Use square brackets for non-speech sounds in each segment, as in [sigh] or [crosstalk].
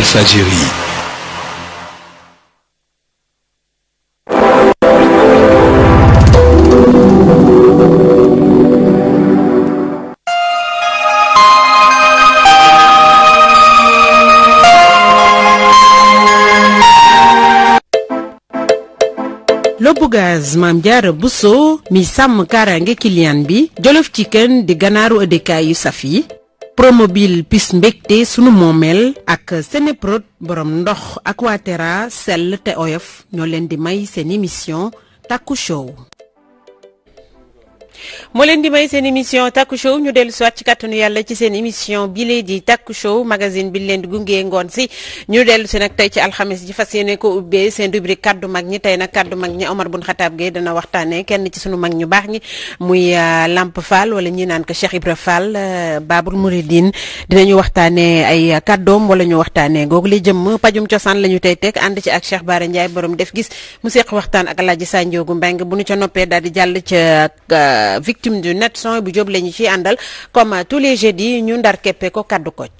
Walfadjri Lobugaz Mame Diarra Bousso mi sàmm kaaraange kiliyaan bi Jolof Chicken di ganaaru ëddekaay yu saf yi promobile pis mbégte sunu moomeel ak Sénéprot borom ndox Aquaterra sell te oyof ñoo leen di may seen émission Taku Show moo leen di may seen émission Taku Show ñu dellu siwaat ci kàttanu yàlla ci seen émission bile di Taku Show magasin bi leen di gungee ngoon si ñu dellu si nag tey ci alxames ji fas yéene ko ubbee seen rubrique kaddu mag ñi tey nag kaddu mag ñi Omar bun Xataab gee dana waxtaanee kenn ci sunu mag ñu baax ñi muy euh, Lamp Fall wala ñi naan ko Cheikh Ibra Fall euh, Babul dina ñu waxtaanee ay doom wala ñu waxtaanee googu li jëm pajum cosaan la ñu tey teg ànd ci ak Cheikh Bara Ndiaye borom def gis mu waxtaan ak Alaaji Sanjoogu Mbeng bu ñu ca noppee daal di jàll euh, victime du net son bu jóob la ñu ciy àndal comme tous les jeudis ñu ndar keppe ko kaddu koc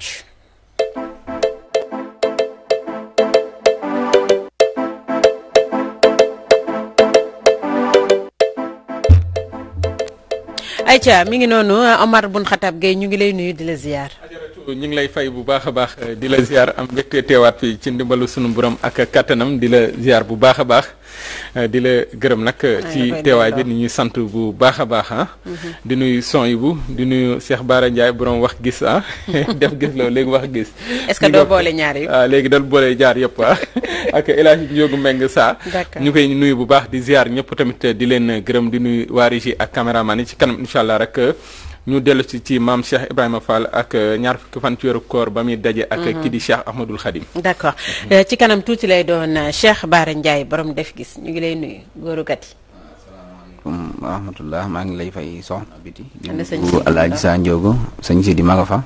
Aïcha mi ngi noonu Omar Bun Xatab Gueye ñu ngi lay nuyu di la ziar. ñu ngi lay fay bu baax a baax di la ziar am mbégte teewaat fii ci ndimbalu sunu borom ak kattanam di la ziar bu baax a baax di la gërëm nag ci teewaay bi ni ñuy sant bu baax a baax ah mm-hmm. di nuyu son yi bu di nuyu Cheikh Bara njaay borom wax gis ah [laughs] def gis la léegi wax gis est-ce que doo boole ñaar yi léegi dal boole ñaar yëpp ah, ah. [laughs] ak El Hadj Ndiogu Meng saa ñu koy nuyu bu baax di ziar ñëpp tamit di leen gërëm di nuyu waa régie ak caméraman yi ci kanam incha allah rek ñu dellu si ci maam Cheikh Ibrahima Fall ak euh, ñaar fukki fan ci weeru koor ba muy daje. ak mhm. kii di Cheikh Ahmadul Khadim. d'accord mhm. euh, ci kanam tuuti lay doon euh, Cheikh Baara Ndiaye borom def gis ñu ngi lay nuyu góorukat yi. asalaamaaleykum wa maa ngi lay fay soxna biti. na sëñ Sidi Alaaji Sa Ndiogo sëñ Sidi ma nga fa.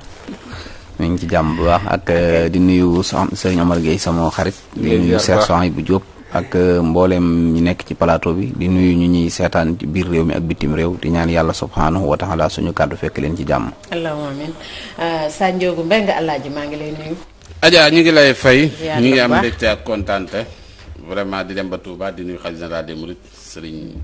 ngi ci jàmm bu baax ak di nuyu soxna sëñ Omar Gueye sama xarit. di nuyu Cheikh Soxna bu Diop. ak euh, mbooleem ñu nekk ci palaato bi di nuyu ñu ñuy seetaan ci biir réew mi ak bitim réew di ñaan yàlla subhaanahu wa taala suñu kàddu fekk leen ci jàmm. allahumma amiin euh, Sa Ndiogou Mbengue Alaaji maa ngi lay nuyu. Adja ñu ngi lay fay. ñu ngi am mbégte ak kontaante vraiment di dem ba Touba di nuyu xalifa général des Mourides Serigne.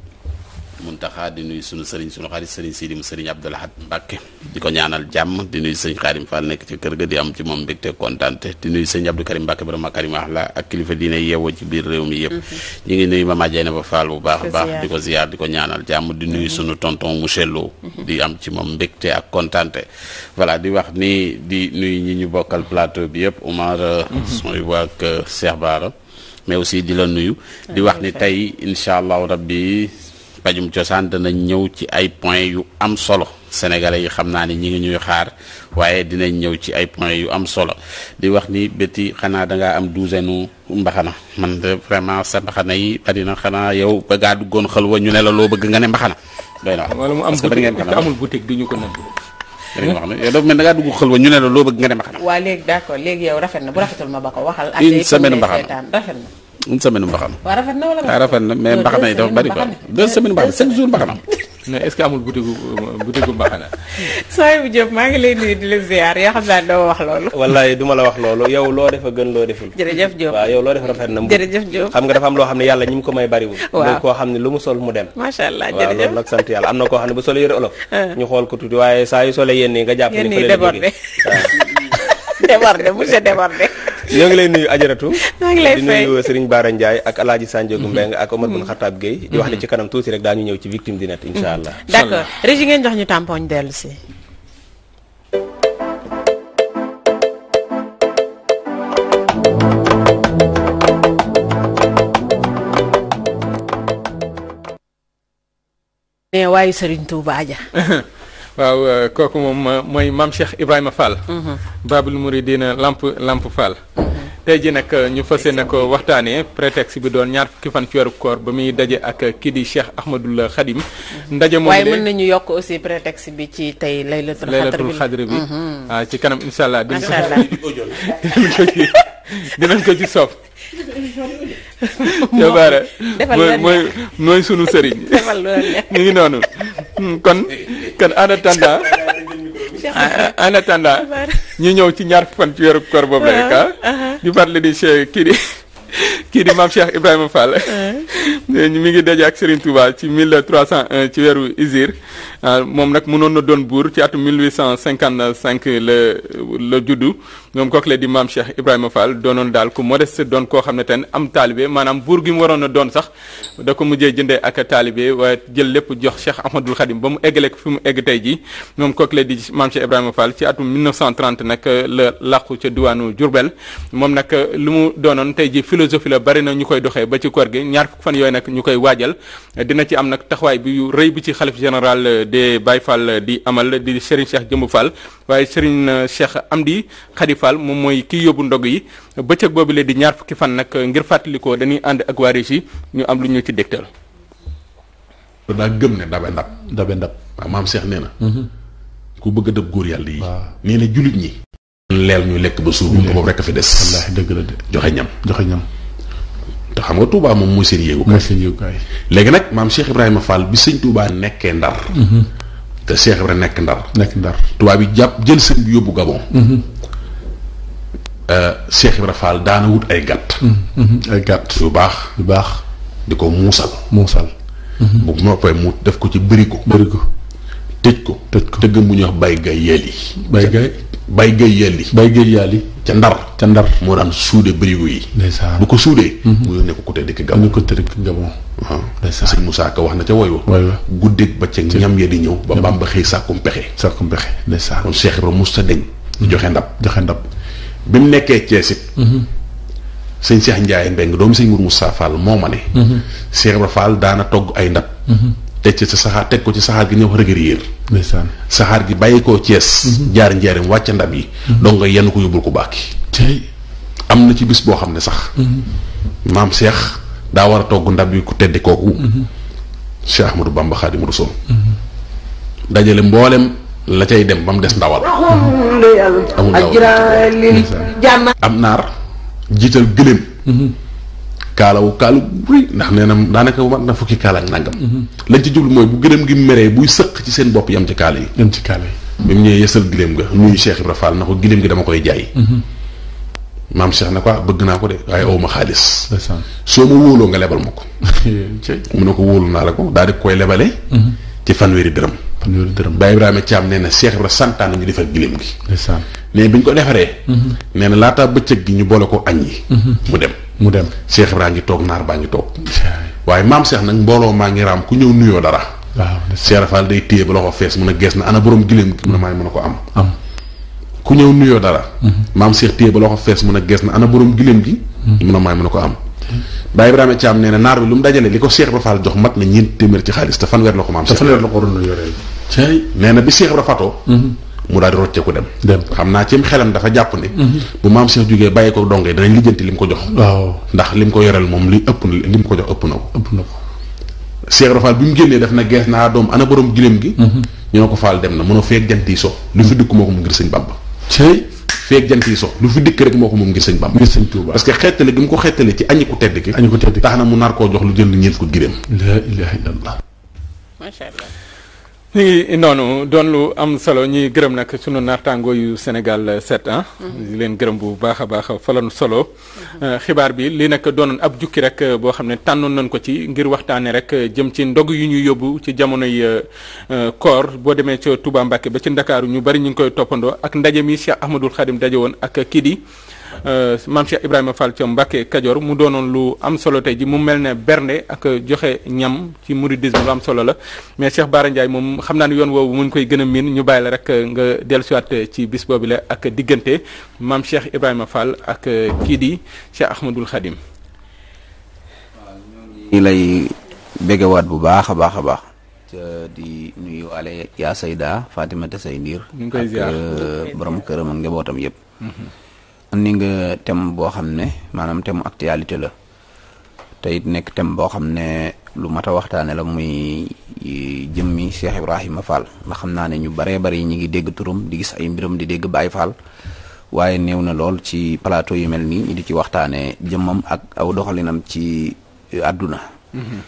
mun Muntaxa di nuy sunu sëriñ sunu xarit sëriñ Sidi mu sëriñ Abdou Lahad Mbàkke di ko ñaanal jàmm di nuyu sëriñ Xaarim Fall nekk ci kër ga di am ci moom mbégte kontaante di nuyu sëriñ Abdou Karim Mbàkke borom ak kilifa diine yeewoo ci biir réew mi yëpp mm-hmm. ñu ngi nuyu Mama Jeyna ba Fall bu baax baax di ko di ko ñaanal jàmm di nuyu mm-hmm. sunu tonton mu Lo mm-hmm. di am ci moom mbégte ak kontaante voilà di wax ni di nuyu ñi ñu bokkal plateau bi yëpp Oumar euh, sooy waak Cheikh Baara mais aussi di la nuyu di wax ni tey incha allahu rabbi pajum cosaan danañ ñëw ci ay point yu am solo sénégalais yi xam naa ne ñi ngi ñuy xaar waaye dinañ ñëw ci ay point yu am solo di wax ni bétti xanaa dangaa am douzaine mbaxana man de vraiment sa mbaxana yi bari na xanaa yow ba gaa duggoon xel wa ñu ne la loo bëgg nga ne mbaxana doy na wax wala mu am boutique amul boutique duñu ko nangu da ngaa dugg xel wa ñu ne la loo bëgg nga ne mbaxana waaw léegi d'accord léegi yow rafet na bu rafetul ma ba ko waxal une semaine mbaxana rafet une semaine mbaxam. waaw rafet na wala ah, mais mbaxana dafa bari quoi. deux semaines mbaxana cinq jours mbaxana. mais est-ce que amul boutique bu mbaxana. maa ngi lay nuyu di la ziar yoo xam naa doo wax loolu. wallaay du ma la wax loolu yow loo def a gën loo deful. jërëjëf Diop waaw yow loo def rafet na. jërëjëf Diop xam nga dafa am loo xam ne yàlla ñi mu ko may bariwul. waaw koo xam ne lu mu sol mu dem. macha allah yàlla am na koo xam ne bu solee yëre olof. Ah. ñu xool ko tuuti waaye saa [laughs] ñoo ngi lay nuyu ajaratu maa di nuyu Serigne Bara Ndiaye ak Alaaji Sanjogu Mbeng ak Omar Bun Xataab Gueye di wax ne ci kanam tuuti rek daañu ñëw ci victime di net incha allah mm. d'accord régi ngeen jox ñu tampon dellu [laughs] waaw euh, kooku moom mooy maam Cheikh Ibrahima Fall. Mhm. Babul Mouridina Lamp Lamp Fall. Mhm. tey ji nag euh, ñu fas a ko waxtaanee prétexte bi doon ñaar fukki fan ci weeru koor ba muy daje ak kii di Cheikh Ahmadul Khadim. Mhm. ndaje moom de waaye mën ñu yokk aussi prétexte bi ci tey laylatul xadri bi ah, ci kanam incha allah. macha allah dinañ ko ci [laughs] dinañ ko ci soof. jabaare mooy mooy sunu sëriñ. ñu [laughs] ngi noonu hmm, kon. kon en attendant en ñu ñëw ci ñaar fan ci weeru koor boobu la rek ah. Uh-huh. di fàttali di di. kii di maam Cheikh Ibrahima Fall. [laughs] Eh, mi ngi daje ak Serigne Touba ci 1301 ci weeru Isir ah, moom nag mënoon na doon buur ci atum 1855 la la juddu moom kooku la di maam Cheikh Ibrahima Fall doonoon daal ku modeste doon koo xam ne ten am taalibe maanaam buur gi mu waroon na doon sax da ko mujjee jëndee ak taalibe waaye jël lépp jox Cheikh Ahmadul Khadim ba mu eggale ko fi mu egg tey ji moom kooku la di maam Cheikh Ibrahima Fall ci atum 1930 nag la làqu ca diwaanu Diourbel moom nag l mu doonoon tey jii philosophie bari na ñu koy doxee ba ci koor gi ñaar fukk fan yooyu nag ñu koy waajal dina ci am nag taxawaay bi yu rëy bi ci xalif général des Baye Fall di amal di Serigne Cheikh Jëmb fal waaye Serigne Cheikh am di Fall moom mooy kii yóbbu ndog yi bëccëg boobu lee di ñaar fukki fan nag ngir fàttalikoo dañuy ànd ak wari Régis ñu am lu ñu ci dégtal. daa gëm ne dabe ndab dabe ndab waaw maam Cheikh nee na mhm. ku bëgg a dëb góor yàlla yi nee na jullit ñi leel ñu lekk ba suur boobu rekk a fi des dëgg joxe ñam joxe ñam te xam nga Touba moom mooy seen yéegukaay. mooy seen léegi nag maam Cheikh Ibrahima Fall bi sëñ Touba nekkee ndar. Mm-hmm. te Cheikh Ibrahima nekk ndar. nekk ndar Touba bi jàpp jël sëñ bi yóbbu Gabon. Mm-hmm. Euh, Cheikh Ibrahima Fall daana wut ay gàtt. Mm-hmm. ay gàtt yu baax yu baax. di ko muusal. muusal. bu noppee mu def ko ci bërigo. bërigo tëj ko. tëj ko tëgg mu ñuy wax bay gay yelli. bay gay bay gay yelli. bay gay yelli. ca ndar ca ndar moo daan suude bërigo yi. ndeysaan bu ko suudee. Mhm. mu yónnee ko côté dëkk Gabon. mu ko dëkk Gabon. waaw ah. ndeysaan sëñ Moussa Ka wax na ca woywa. woywa guddeeg ba ca ñam ya di ñëw. ba Bamba xëy sàkkum pexe. sàkkum pexe ndeysaan. kon Cheikh Ibrahima Moussa deñ mhm. joxe ndab joxe ndab. bi mu nekkee Thiès it. Mhm. sëñ Cheikh Ndiaye Mbeng doomu sëñ Mour Moussa Fall moo ma ne. Cheikh Ibrahima Fall daana togg ay ndab. teg ci sa saxaar teg ko ci saxaar gi ñëw rëgër ndeysaan saxaar gi bàyyi koo Cees mhm. jaar mu wàcc ndab yi mhm. donc nga yenn ko yóbbul ko bàkki am na ci bis boo xam ne sax mhm. maam Cheikh daa war a togg ndab yi ku tedd kooku Cheikh Ahmadou Bamba Xaadimu Rasuul dajale mboolem la cay dem ba mu des ndawal amul ndawal naar jiital gëléem kaalawu kaalu rëy ndax nee na daanaka mat na fukki kaala ak nangam. lañ ci jublu mooy bu gërëm gi meree buy sëq ci seen bopp yam ci kaala yi. yam ci kaala yi. bi mu ñëwee yësal gileem ga nuyu Cheikh Ibra Fall na ko gileem gi dama koy jaay. Mm-hmm. maam Cheikh na ko ah, bëgg naa ko de waaye aw ma xaalis. soo ma wóoloo nga lebal ma ko. [laughs] mu ne ko wóolu naa la ko daal di koy lebale. Mm-hmm. ci fanweeri dërëm. fanweeri dërëm Baye Ibrahima Thiam nee na Cheikh Ibrahima santaan ñu defar gileem gi. ndeysaan bi ñu ko defaree. Mhm. nee na laataa bëccëg gi ñu boole ko añ yi. Mhm. mu dem mu dem Cheikh raa ngi toog naar baa ngi toog. waaye maam seex nag mbooloo maa ngi raam ku ñëw nuyoo dara. waaw fa Fall day téye ba ko fees mun a gees na ana borom gileem gi. mun a maay mën a ko am. am ku ñëw nuyoo dara. Mhm. maam Cheikh téye ba loxo fees mun a gees na ana borom gileem gi. mun a maay mën a ko am. Baye Ibrahima Thiam nee na naar bi lu mu dajale li ko Cheikh Ibra Fall jox mat na ñeent téeméer ci xaalis te fanweer la ko maam. te fanweer la a bi Cheikh Ibra mhm. mu mhm. na lim ko jox ëpp na ko. ëpp génnee def na gees naa doom ana borom gileem gi. Mhm. ñoo ko Fall dem na mënoo feeg jant yi so. lu fi dëkk moo ko mu ngir sëñ Bamba. feeg jant lu fi dikk rek moo ko moom ngir sëñ Bamba ngir sëñ Tuuba parce que xeetale gi mu ko xeetale ci añi ku tedd ki añi ku tedd ki tax na mu nar koo jox lu jël ñeent fukki giréem la ilaha illallah ñu ngi noonu doon lu am solo ñuy gërëm nag sunu naataango yu Sénégal 7 ah. Mhm. leen gërëm bu baax a baax falan solo. Mhm. Euh, xibaar bi li nag doonoon ab jukki rek euh, boo xam ne tànnoon nañ ko ci ngir waxtaanee rek euh, jëm ci ndog yu ñu yóbbu ci jamonoy koor boo demee ci Touba Mbacké ba ci Ndakaaru ñu bari ñu ngi koy toppandoo ak ndaje mi Cheikh Ahmadoul Khadim daje woon ak kii di. Euh, maam Cheikh Ibrahima Fall ca Mbacke Kajoor mu doonoon lu am solo tey ji mu mel ne bernde ak joxe ñam ci mouridisme lu am solo la mais Cheikh Bara Ndiaye moom xam naa ne yoon woowu mu ngi koy gën a miin ñu bàyyi la rek nga dellusiwaat ci bis boobu la ak diggante maam Cheikh Ibrahima Fall ak kii di Cheikh Ahmadul Khadim. ñi lay bégewaat bu baax a baax a baax. di nuyu waale yaa Sayda Fatimata say ndiir ak euh, borom këram ak njabootam yëpp mhm. ni nga thème boo xam ne maanaam thème actualité la te nekk thème boo xam ne lu mat a waxtaane la muy e, jëmmi Cheikh Ibrahima Fall ndax xam naa ne ñu baree bari ñi ngi dégg turam di gis ay mbiram di dégg Baye Fall waaye néew na lool ci plateau yu mel nii di ci waxtaane jëmmam ak aw doxalinam ci e, àdduna mhm.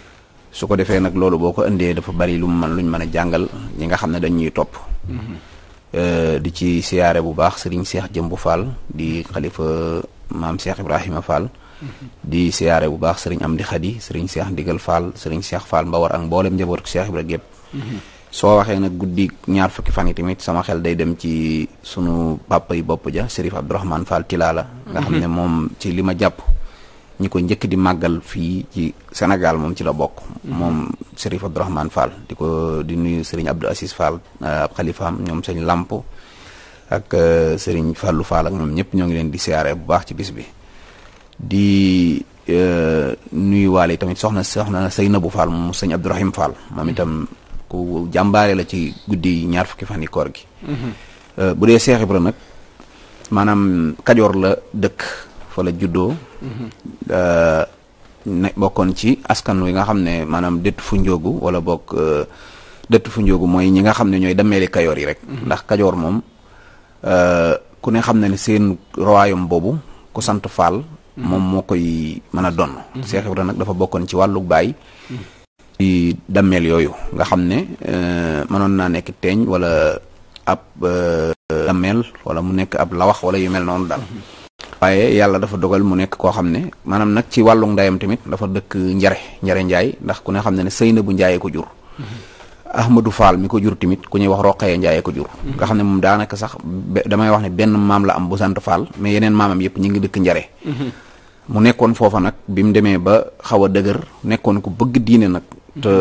su ko defee nag loolu boo ko indee dafa bari lu mu mën luñ mën a jàngal ñi nga xam ne dañuy topp mhm. Euh, di ci siyaare bu baax sëriñ Cheikh Jëmbu Fall di xalifa maam Cheikh Ibrahima Fall. Mhm. di siyaare bu baax sëriñ am Amdi Xadi sëriñ Cheikh Ndigal Fall sëriñ Cheikh Fall war ak mboolem njabootu Cheikh Ibrahima gépp mhm. soo waxee nag guddi ñaar fukki fan yi tamit sama xel day dem ci suñu papa yi bopp ja Serif Abdourahmane Fall Tilala. nga mhm. xam ne moom ci li ma jàpp. ñi ko njëkk di màggal fii ci Sénégal moom ci la bokk mhm. moom Serigne Abdourahmane Fall di ko di nuyu Serigne Abdou Assis Fall euh, ab xalifaam ñoom sëñ làmp ak euh, Serigne Fallou Fall ak ñoom ñëpp ñoo ngi leen di siyaare bu baax ci bis bi di euh, nuyu waale tamit soxna soxna Seynabou Fall moom sëñ Abdourahim Fall moom itam mhm. ku jàmbaare la ci guddi ñaar fukki fan yi koor gi mhm. bu dee Seex Ibra nag maanaam Kajoor la dëkk fa la juddoo. Euh, ne bokkoon ci askan wi nga xam ne maanaam dëtt fu njóogu wala bokk euh, dëtt fu njóogu mooy ñi nga xam ne ñooy dameeli kayoor yi rek. Mhm. ndax kajoor moom euh, ku ne xam na ne seen royaume boobu ku sant Faal. Mhm. moom moo koy mën a donn Cheikh mhm. Ibra nag dafa bokkoon ci wàllu baay. ci dammeel yooyu nga xam ne mënoon naa nekk teeñ wala ab dammeel wala mu nekk ab lawax wala yu mel noonu daal. waaye yàlla dafa dogal mu nekk koo xam ne maanaam nag ci wàllu ndayam tamit dafa dëkk njare njare njaay ndax ku ne xam ne ne sëy na bu njaayee ko jur ahmadou fall mi ko jur tamit ku ñuy wax roqee njaayee ko jur nga xam ne moom daanaka sax damay wax ne benn maam la am bu sant fall mais yeneen maamam yëpp ñu ngi dëkk njare mu nekkoon foofa nag bi mu demee ba xaw a dëgër nekkoon ku bëgg diine nag te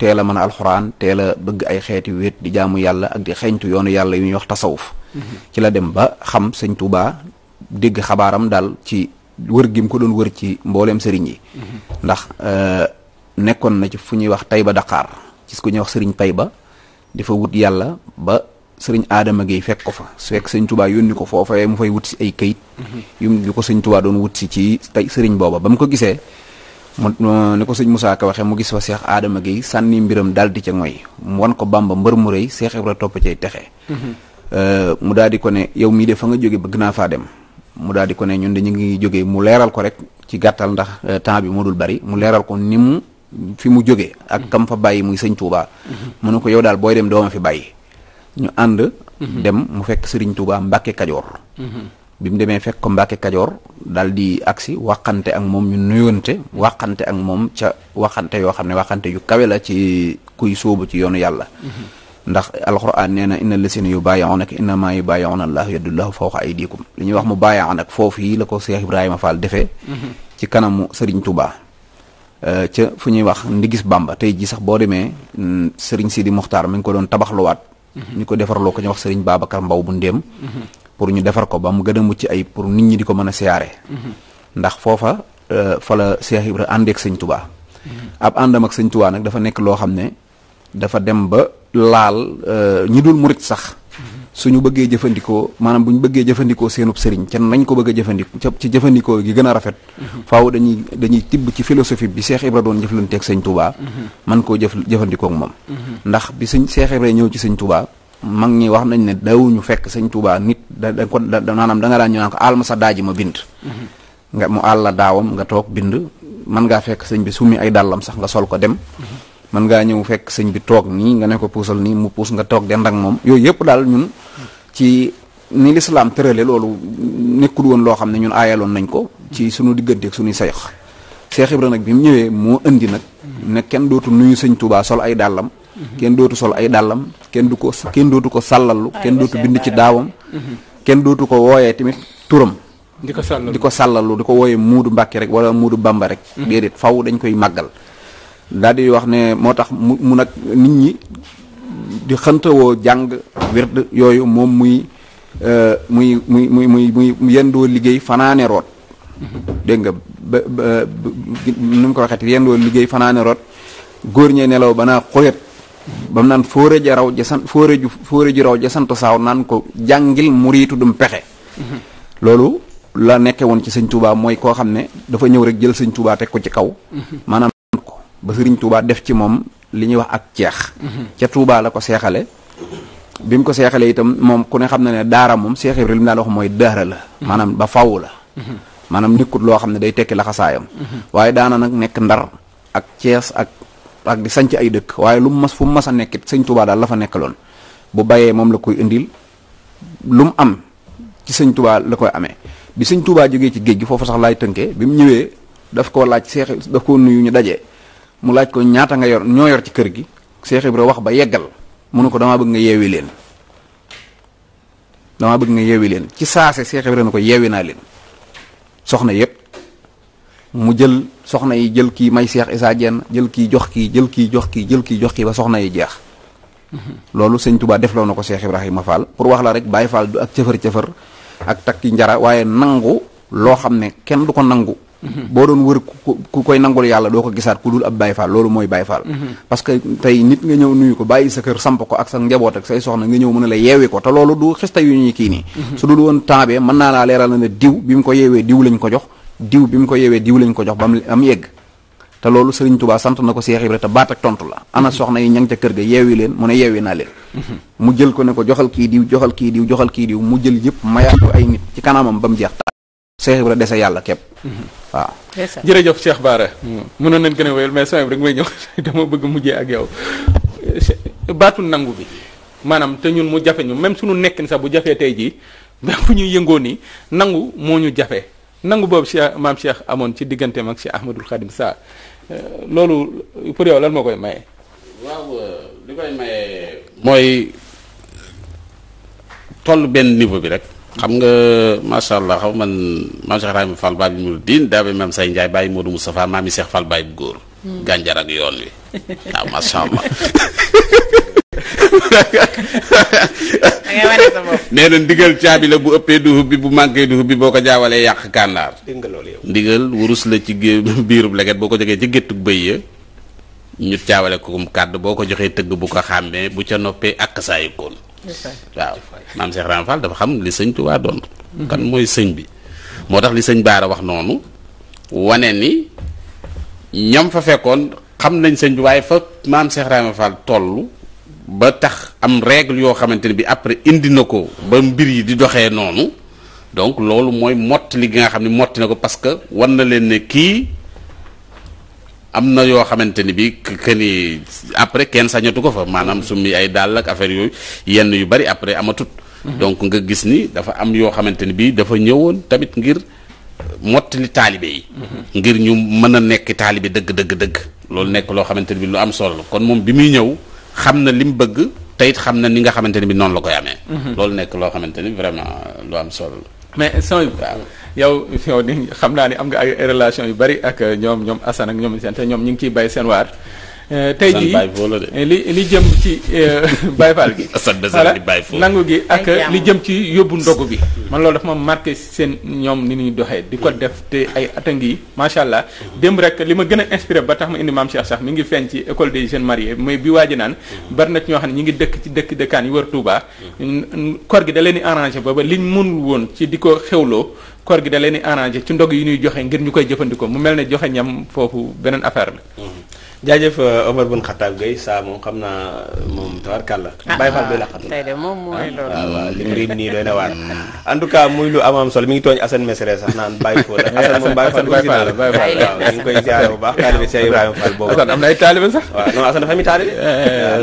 teel a mën a alxuraan teel la bëgg ay xeeti wéet di jaamu yàlla ak di xeeñtu yoonu yàlla yu ñuy wax tasawuf ci la dem ba xam dégg xabaaram daal ci wër gi mu ko doon wër ci mbooleem sëriñ yi mhm. ndax euh, nekkoon na ci fu ñuy wax Tayba Dakar gis ko ñuy wax sëriñ Tayba dafa wut yàlla ba sëriñ Adama Gueye fekk ko fa su fekk sëñ Touba yónni ko foofee mu fay wut si ay këyit mhm. yu ko sëñ Touba wut si ci tey sëriñ booba ba mu ko gisee mu ni ko sëñ Moussa Ka waxee mu gis fa Cheikh aadama Gueye sànni mbiram dal di ca mooy mu wan ko bàmba mbër mu rey Cheikh Ibra topp cay texe mhm. euh, mu daal di ko ne yow mii de fa nga jóge bëgg naa faa dem mu daal di ko ne ñun de ñu ngi jógee mu leeral ko rek ci gàttal ndax euh, temps bi moo dul bari mu leeral ko ni mu fi mu jógee ak mm-hmm. kam fa bàyyi muy sëñ Touba. Mm-hmm. mu nu ko yow daal booy dem dooma fi bàyyi ñu ànd mm-hmm. dem mu fekk sëriñ Touba Mbàkke Kajoor bi mu demee fekk ko Mbàkke Kajoor daal di agsi waxante ak moom ñu nuyoonte waxante ak moom ca waxante yoo xam ne waxante yu kawe la ci kuy soobu ci yoonu yàlla ndax alquran nee na inna lasina yu bàyyoonaka innama yu bàyyoona allah yadullahu fawqa aydikum li ñuy wax mu bàyyoon ak foofu yi la ko Cheikh Ibrahima Fall defee mhm. ci kanamu Serigne tubaa euh, ca fu ñuy wax gis Bamba tey ji sax boo demee mm, Serigne Sidi Muxtaar mi ngi ko doon tabaxluwaat mhm. ñu ko defarloo ko ñu wax Serigne Babacar Mbaw bu ndéem mhm. pour ñu defar ko ba mu gën a mucc ay pour nit ñi di ko mën a siyaare ndax foofa euh, fala la Cheikh Ibra àndeek sëñ tubaa ab àndam ak sëñ Touba nag dafa nekk loo xam ne dafa dem ba laal euh, ñi dul murit sax suñu bëggee jëfandikoo maanaam bu ñu bëggee jëfandikoo seenub sëriñ ca nañ ko bëgg a jëfandikoo ci jëfandikoo gi gën a rafet mhm. faaw dañuy dañuy tibb ci philosophie bi Cheikh Ibra doon jëflanteeg sëñ Touba mhm. man koo jëf jëfandikoo moom mhm. ndax bi suñ Cheikh Ibra ñëw ci sañ Touba mag ñi wax nañ ne dawuñu fekk sëñ Touba nit da da ko maanaam da nga daan ñu naan ko àll ma sa daaji ma bind nga mu àll la daawam nga toog bind mën ngaa fekk sëñ bi summi ay dàllam sax nga sol ko dem mën ngaa ñëw fekk sëñ bi toog nii nga ne ko puusal nii mu puus nga toog dend ak moom yooyu yëpp daal ñun ci ni lislaam tërale loolu nekkul woon loo xam ne ñun aayaloon nañ ko ci suñu diggante ak suñuy sayx Cheikh Ibra nag bi mu ñëwee moo indi nag ne kenn dootu nuyu sëñ Touba sol ay dàllam kenn dootu sol ay dàllam kenn du ko kenn dootu ko sàllalu kenn dootu bind ci daawam kenn dootu ko wooyee tamit turam di ko sàllalu di ko sàllalu di ko wooyee muudu Mbàkke rek wala muudu Bamba rek mm-hmm. déedéet faw koy màggal daal di wax ne moo tax mu mu nag nit ñi di xëntawoo jàng wird yooyu moom muy euh, muy muy muy muy muy yendoo liggéey fanaane root dégg nga ba ba nu mu ko waxeeti yendoo liggéey fanaane root góor ñee nelaw banaa xoyat ba mu naan fóore ja raw ja sant saaw naan ko jàngil riitu dum pexe loolu la nekke woon ci sëñ Touba mooy koo xam ne dafa ñëw rek jël sëñ Touba teg ko ci kaw maanaam ba sëriñ Touba def ci moom li ñuy wax ak ceex. Mhm. ca tuubaa la ko seexale bi mu ko seexalee itam moom ku ne xam na ne daara moom Seex Ibra li mu daan wax mooy daara la. Mhm. maanaam ba faw la. Mhm. maanaam nekkut loo xam ne day tekki laxasaayam. waaye daana nag nekk ndar ak cees ak ak di sanc ay dëkk waaye lu mu mas fu mu mas a nekkit sëñ Touba daal la fa nekkaloon bu bayee moom la koy indil lu mu am ci sëñ Touba la koy amee bi sëñ Touba jógee ci géej gi foofu sax laay tënkee bi mu ñëwee daf koo laaj seex daf ñu daje. mu laaj ko ñaata nga yor ñoo yor ci kër gi Cheikh Ibra wax ba yeggal mu ne ko damaa bëgg nga yeewi leen damaa bëgg nga yeewi leen ci saase Cheikh Ibra ne ko yeewi naa leen soxna yëpp mu jël soxna yi jël kii may Cheikh Issa Diène jël kii jox kii jël kii jox kii jël kii jox kii ba soxna yi jeex loolu sëñ Touba defloo na ko Cheikh Ibrahima Fall pour wax la rek Baye Fall du ak cëfër cëfër ak takki njara waaye nangu loo xam ne kenn du ko nangu boo doon wër ku koy nangul yàlla doo ko gisaat ku dul ab Baye Fall loolu mooy Baye Fall mhm. parce tey nit nga ñëw nuyu ko bàyyi sa kër samp ko ak sa njaboot ak say soxna a mhm. ba mhm. yi ña ca kër ga yeewi leen mu ne yeewi naa leen mu jël ko ne ko joxal kii diw joxal kii diw joxal kii diw mu jël yëpp mayaat ko ay nit ci kanamam ba mu jeex Cheikh Ibra dese yàlla képp mm-hmm. waaw jërëjëf Cheikh Bara mënoon nañ gën a wéyal mais sama bi rek may ñëw [laughs] dama bëgg mujjee ak yow baatu nangu bi maanaam te ñun mu jafe ñu même suñu nekk ni sax bu jafee tey jii [laughs] même fu ñuy yëngoo nii nangu moo ñu jafe nangu boobu Cheikh maam Cheikh amoon ci digganteem ak Cheikh Ahmadul Khadim saa euh, loolu pour yow lan moo koy maye. waaw euh, li koy maye. mooy toll benn niveau bi rek. xam nga macha allah xaw man maam Cheikh Rahima Fall Baye Mourou Diine daa maam say Ndiaye Baye Modou Moustapha maami Cheikh Fall Baye bu góor. Hmm. gànjar ak yoon wi waaw macha allah. [laughs] nee na ndigal caabi la bu ëppee du bi bu manqué du hubbi boo ko jaawalee yàq kàndaar ndigal wurus la ci biirub leget boo ko jógee ci géttug bëy ya ñu caawale ko kàdd boo ko joxee tëgg bu ko xàmmee bu ca noppee ak saa saayikoon waaw maam Cheikh Ibra Fall dafa xam li sëñ Tuubaa doon kan mooy sëñ bi moo tax li sëñ Baara wax noonu wane ni ñam fa fekkoon xam nañ sëñ bi waaye fa maam Cheikh Ibra Fall toll ba tax am règle yoo xamante ne bi après indi na ko ba mbir yi di doxee noonu donc loolu mooy mott li nga xam ne motti na ko parce que war na leen ne kii am na yoo xamante ni bi que ni après kenn sañatu ko fa maanaam summi ay dàll ak affaire yooyu yenn yu bari après amatut. Mhm. donc nga gis ni dafa am yoo xamante ni bi dafa ñëwoon tamit ngir mottali taalibe yi. Mhm. ngir ñu mën a nekk taalibe dëgg dëgg dëgg. loolu nekk loo xamante ni bi lu am solo la kon moom bi muy ñëw xam na li mu bëgg te xam na ni nga xamante ni bi noonu la koy amee. Mhm. loolu nekk loo xamante ni vraiment lu am solo yow yow ni xam naa ni am nga ay relation yu bari ak euh, ñoom ñoom Assane ak ñoom seen te ñoom ñu ngi ciy bay seen waar. Euh, tey jii euh, li li jëm ci [laughs] Baye Fall gi. voilà nangu gi ak li jëm ci yóbbu ndogu bi. man loolu dafa ma marqué seen ñoom ni ñuy doxee. di ko mm. def te ay atang ngi macha allah. démb rek li ma gën a inspiré ba tax ma indi maam Cheikh sax mu ngi feeñ ci école des jeunes mariés mais bi waaj naan. bari na ñoo xam ne ñu ngi dëkk dëkk dëkkaan yi war Touba. Mm. koor gi da leen di arrangé ba ba mënul woon ci di ko xewloo. koor gi da leen di arrangé ci ndog yi ñuy joxe ngir ñu koy jëfandikoo mu mel ne joxe ñam foofu beneen affaire la. Mm-hmm. jaajëf euh, Omar bun Xataab Gueye saa moom xam naa moom tabarkàlla. Ah, bàyyi ah, faal bi la xam tey de moom mooy loolu. Ah, waaw li mu riim nii doy na waar. [laughs] en tout cas muy lu am am mi ngi tooñ Assane Mesere sax naan bàyyi foo la. Assane bu baax. taalibe Cheikh Ibrahima Fall boobu. Assane am na ay dafa mi taalibe. Eh,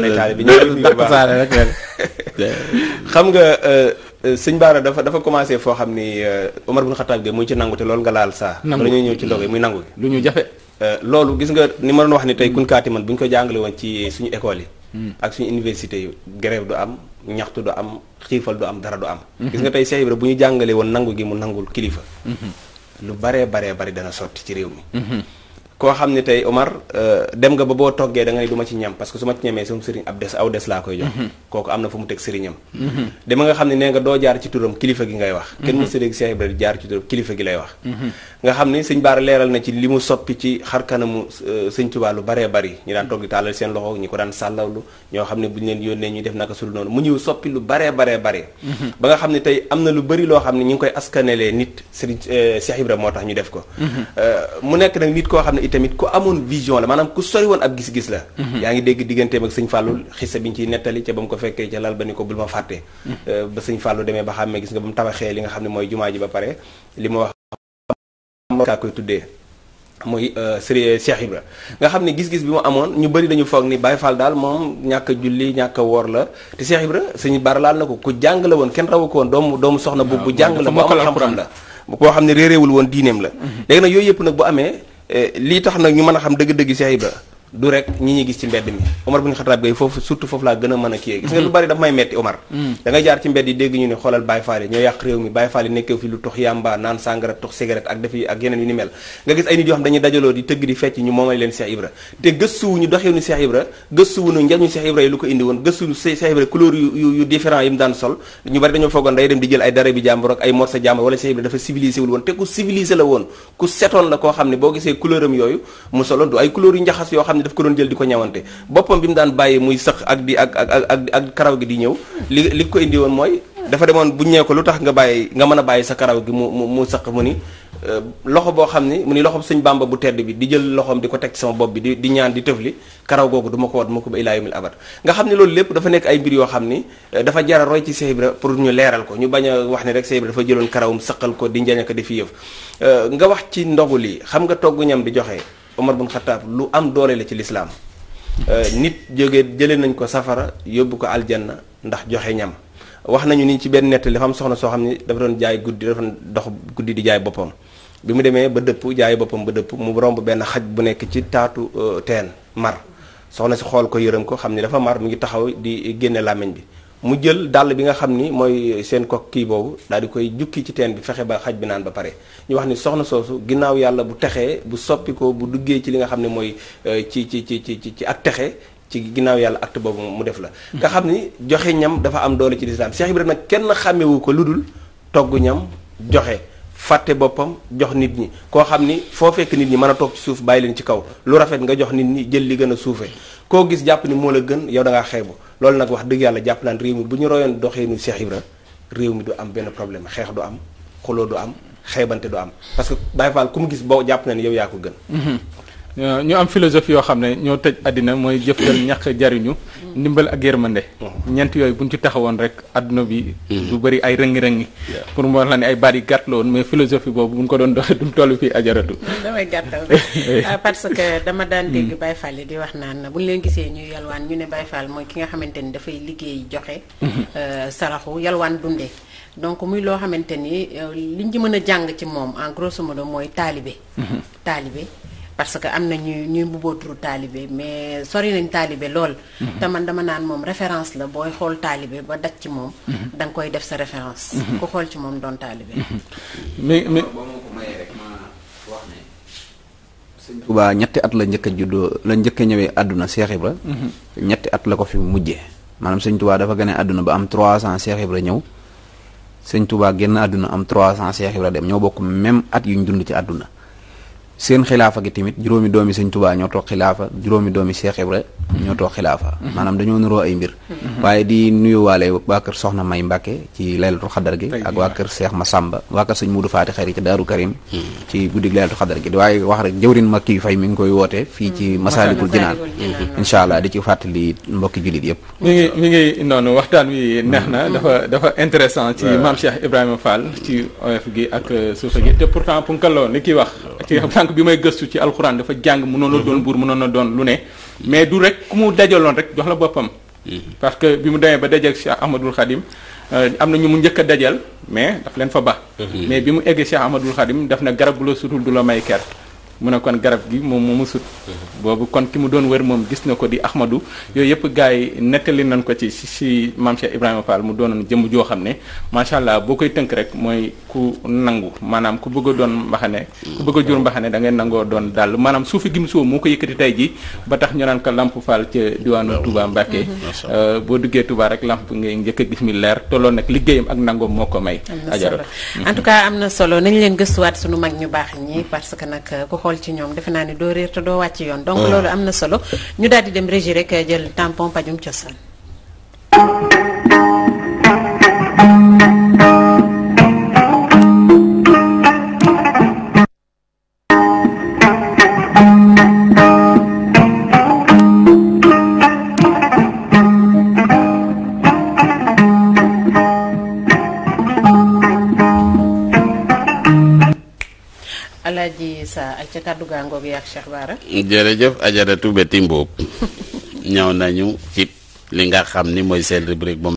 eh, [laughs] xam nga. Euh, Euh, sëñ Baara dafa dafa commencé foo xam ni euh, Omar bin Khattab gi mu ci nangu te loolu nga laal saa. nangu la ñuy ñëw ci loolu muy nangu. lu ñu jafe. Euh, loolu gis nga ni ma doon wax ni tey mm. kunkaati man bu ñu ko jàngale woon ci suñu école yi. Mm. ak suñu université yi grève du am ñaxtu du am xiifal du am dara du am. Mm-hmm. gis nga tey Cheikh bu ñu jàngalee woon nangu gi mu nangul kilifa. Mm-hmm. lu baree baree bari dana sotti ci réew mi. Mm-hmm. koo xam ne tey Omar euh, dem nga ba boo toggee da nga ne du ma ci ñam parce que su ma ci ñamee sama sëriñ ab des aw des laa koy jox mm-hmm. kooku am na fu mu teg sëriñam mm-hmm. dama nga xam ne nee nga doo jaar ci turam kilifa gi ngay wax mm-hmm. kenn mu sëriñ Cheikh Ibrahima jaar ci turam kilifa gi lay wax nga xam ne sëñ Baara leeral na ci li mu soppi ci xar kanamu euh, sëñ Tuubaa lu baree bari ñu daan togg taalal seen loxo ñi ko daan sàllawlu ñoo xam ne ñu def ko euh, mu nekk tamit ku amoon vision la maanaam ku sori woon ab gis-gis la mhm. yaa ngi dégg digganteem ak sëñ Fallou xissa bi ñu ciy nettali ca ba mu ko fekkee ca lal ba ni ko bul ma fàtte mhm. euh, ba sëñ Fallou demee ba xàmmee gis nga ba mu tabaxee li nga xam ne mooy jumaa ji ba pare li mu wax kaa euh, nga xam ne gis-gis bi mu amoon ñu bëri dañu foog ni Baye fal daal moom ñàkk julli ñàkk woor la te Cheikh rek suñu bara laal na ko ku jàng la woon kenn rawu ko woon doomu soxna bu bu ah, jàng la bu am xam-xam la boo xam ne réeréewul woon diineem la mhm. léegi nag yooyu yëpp nag bu amee Eh, lii tax nag ñu mën a xam dëgg-dëgg Cheikh Ibra du rek ñi ñuy gis ci mbedd mi Omar bu ñu Xataab Gueye foofu surtout foofu laa gën a mën a kiyee mm. ay nit la koo xam ne boo gisee couleuram yooyu mu soloon du ay couleur yu njaxas yoo xam ne daf ko doon jël di ko ñawante boppam bi mu daan bàyyi muy sëq ak di ak ak ak karaw gi di ñëw li li ko indi woon mooy dafa demoon bu ñëwee ko lu tax nga bàyyi nga mën a bàyyi sa karaw gi mu mu mu sëq mu ni euh, loxo boo xam ni mu ni loxo sëñ bàmba bu tedd bi di jël loxoom di ko teg ci sama bopp bi di di ñaan di tëfli karaw googu du ko war du ma ko ba ilaa yumil abat nga xam ne loolu lépp dafa nekk ay mbir yoo xam ni euh, dafa jara roy ci Cheikh Ibra pour ñu leeral ko ñu bañ a wax ni rek Cheikh dafa jëloon karawum sëqal ko di njañaka di fi yëf euh, nga wax ci ndogu li xam nga togg ñam di joxe Omar bun Xataab lu am doole la ci lislaam euh, nit jóge jële nañ ko safara yóbbu ko aljanna ndax joxe ñam wax nañu ni ci benn nettali dafa am soxna soo xam ni dafa doon jaay guddi dafa doon guddi di jaay boppam bi mu demee ba dëpp jaay boppam ba dëpp mu romb benn xaj bu nekk ci taatu euh, teen mar soxna si xool ko yërëm ko xam ni dafa mar mu ngi taxaw di génne làmmiñ bi mu jël dàll bi nga xam ni mooy seen kok kii boobu daal di koy jukki ci teen bi fexe ba xaj bi naan ba pare ñu wax ni soxna soosu ginnaaw yàlla bu texee bu soppi ko bu duggee ci li nga xam ne mooy euh, ci ci ci ci ci ak texe ci ginnaaw yàlla at boobu mu def la nga xam ni joxe ñam dafa am doole ci lislaam Cheikh Ibrahima nag kenn xàmmewu ko lu dul togg ñam joxe fàtte boppam jox nit ñi koo xam ni foo fekk nit ñi mën a toog suuf bàyyi leen ci kaw lu rafet nga jox nit ñi jël li gën a suufee koo gis jàpp ni moo la gën yow da ngaa xeebu loolu nag wax dëgg yàlla jàpp naan réew mi bu ñu royoon doxee nu Cheikh Ibra réew mi du am benn problème xeex du am xuloo du am xeebante du am parce que Baye Fall ku mu gis boo jàpp na ni yow yaa ko gën. Mhm. Euh, ñu am philosophie yoo xam ne ñoo tëj àddina mooy jëf jël ñàkk jariñu ndimbal ak yërmande ñeent yooyu buñ ci taxawoon rek adduna bi hmm. du bëri ay rëngi-rëngi pour mu la ne ay bari yi gàtt la woon mais philosophie boobu buñ ko doon doxee duñ toll fii ajaratu damay gàttal [laughs] eh. ah, parce que dama daan dégg hmm. Baye Fall yi di wax naan buñ leen gisee ñu yalwaan ñu ne Baye Fall mooy ki nga xamante ni dafay liggéey joxe hmm. euh, saraxu yalwaan dundee donc muy loo xamante ni euh, liñ ci mën a jàng ci moom en grosso modo mooy taalibe taalibe parce que am na ñuy ñuy mbubboo turu taalibe mais sori nañ taalibe lool. Mhm. te man dama naan moom référence la booy xool taalibee ba daj ci moom. Mhm. da koy def sa référence. Mhm. ku xool ci moom doon taalibe. mais mais ba ñetti at la njëkk a la njëkk ñëwee àdduna Cheikh Ibra. at la ko fi mujjee maanaam sëñ dafa gane àdduna ba am trois 300 Cheikh Ibra ñëw. sëñ Tuubaa génn àdduna am 300 Cheikh Ibra dem ñëw bokk même at yu ñu dund ci àdduna. seen xilaafa gi tamit juróomi doomi sëñ tubaa ñoo toog xilaafa juróomi doomi Cheikh Ibra ñoo toog xilaafa maanaam dañoo nuroo ay mbir waaye di nuyuwaale waa kër soxna may Mbàkke ci laylatul xadar gi ak waa kër Cheikh Masamba waa kër sëñ Mudu Faati Xari ci Daaru Karim ci guddig laylatul xadar ma kii fay mi ngi koy woote fii ci mm-hmm. Masaalikul Jinaan incha allah di ci fàttali mbokki jullit yëpp mi ngi mi waxtaan wi neex na mm-hmm. dafa dafa intéressant ci mm-hmm. maam Cheikh Ibrahima Fall ci oyof gi ak euh, suufa gi te pourtant punkal [laughs] bi may gëstu ci alxuraan dafa jàng mënoon a doon mhm. buur mënoon a doon lu ne mais du rek ku mu dajaloon rek jox la boppam mhm. parce que bi mu demee ba dajeeg Cheikh Ahmadul xadim euh, am na ñu mu njëkk a dajal mais daf leen fa ba mhm. mais bi mu eggee Cheikh Ahmadul Khadim daf na garab bu la sutul du la may ker mu ne kon garab gi moom moomu sut boobu kon ki mu doon wër moom gis na ko di Ahmadou yooyu yëpp gars yi nettali nañ ko ci si maam Cheikh Ibrahima Fall mu ku bëgg doon mbaxane bëgg a jur mbaxane da ngay nangoo doon dàll maanaam suufi gi mu soo moo ko yëkkati tey ji ba tax ñu naan ko lamp Fall ca diwaanu Touba Mbacké mm-hmm. euh, boo duggee Touba rek lamp ngay njëkk a gis mi leer tolloon nag liggéeyam ak nangoom moo ko may ajaroon en am na solo nañ leen gëstuwaat sunu mag ñu baax ñi parce que nag xool ci ñoom defe naa ne doo réer te doo wàcc yoon donc ah. loolu am na solo ñu daal di dem régi rek jël tampon pajum cosaan ca kàddu gaangoog yi jërëjëf Ajaratu Beti Mbuub [laughs] ñëw nañu ci li nga xam ni mooy seen rubrique bu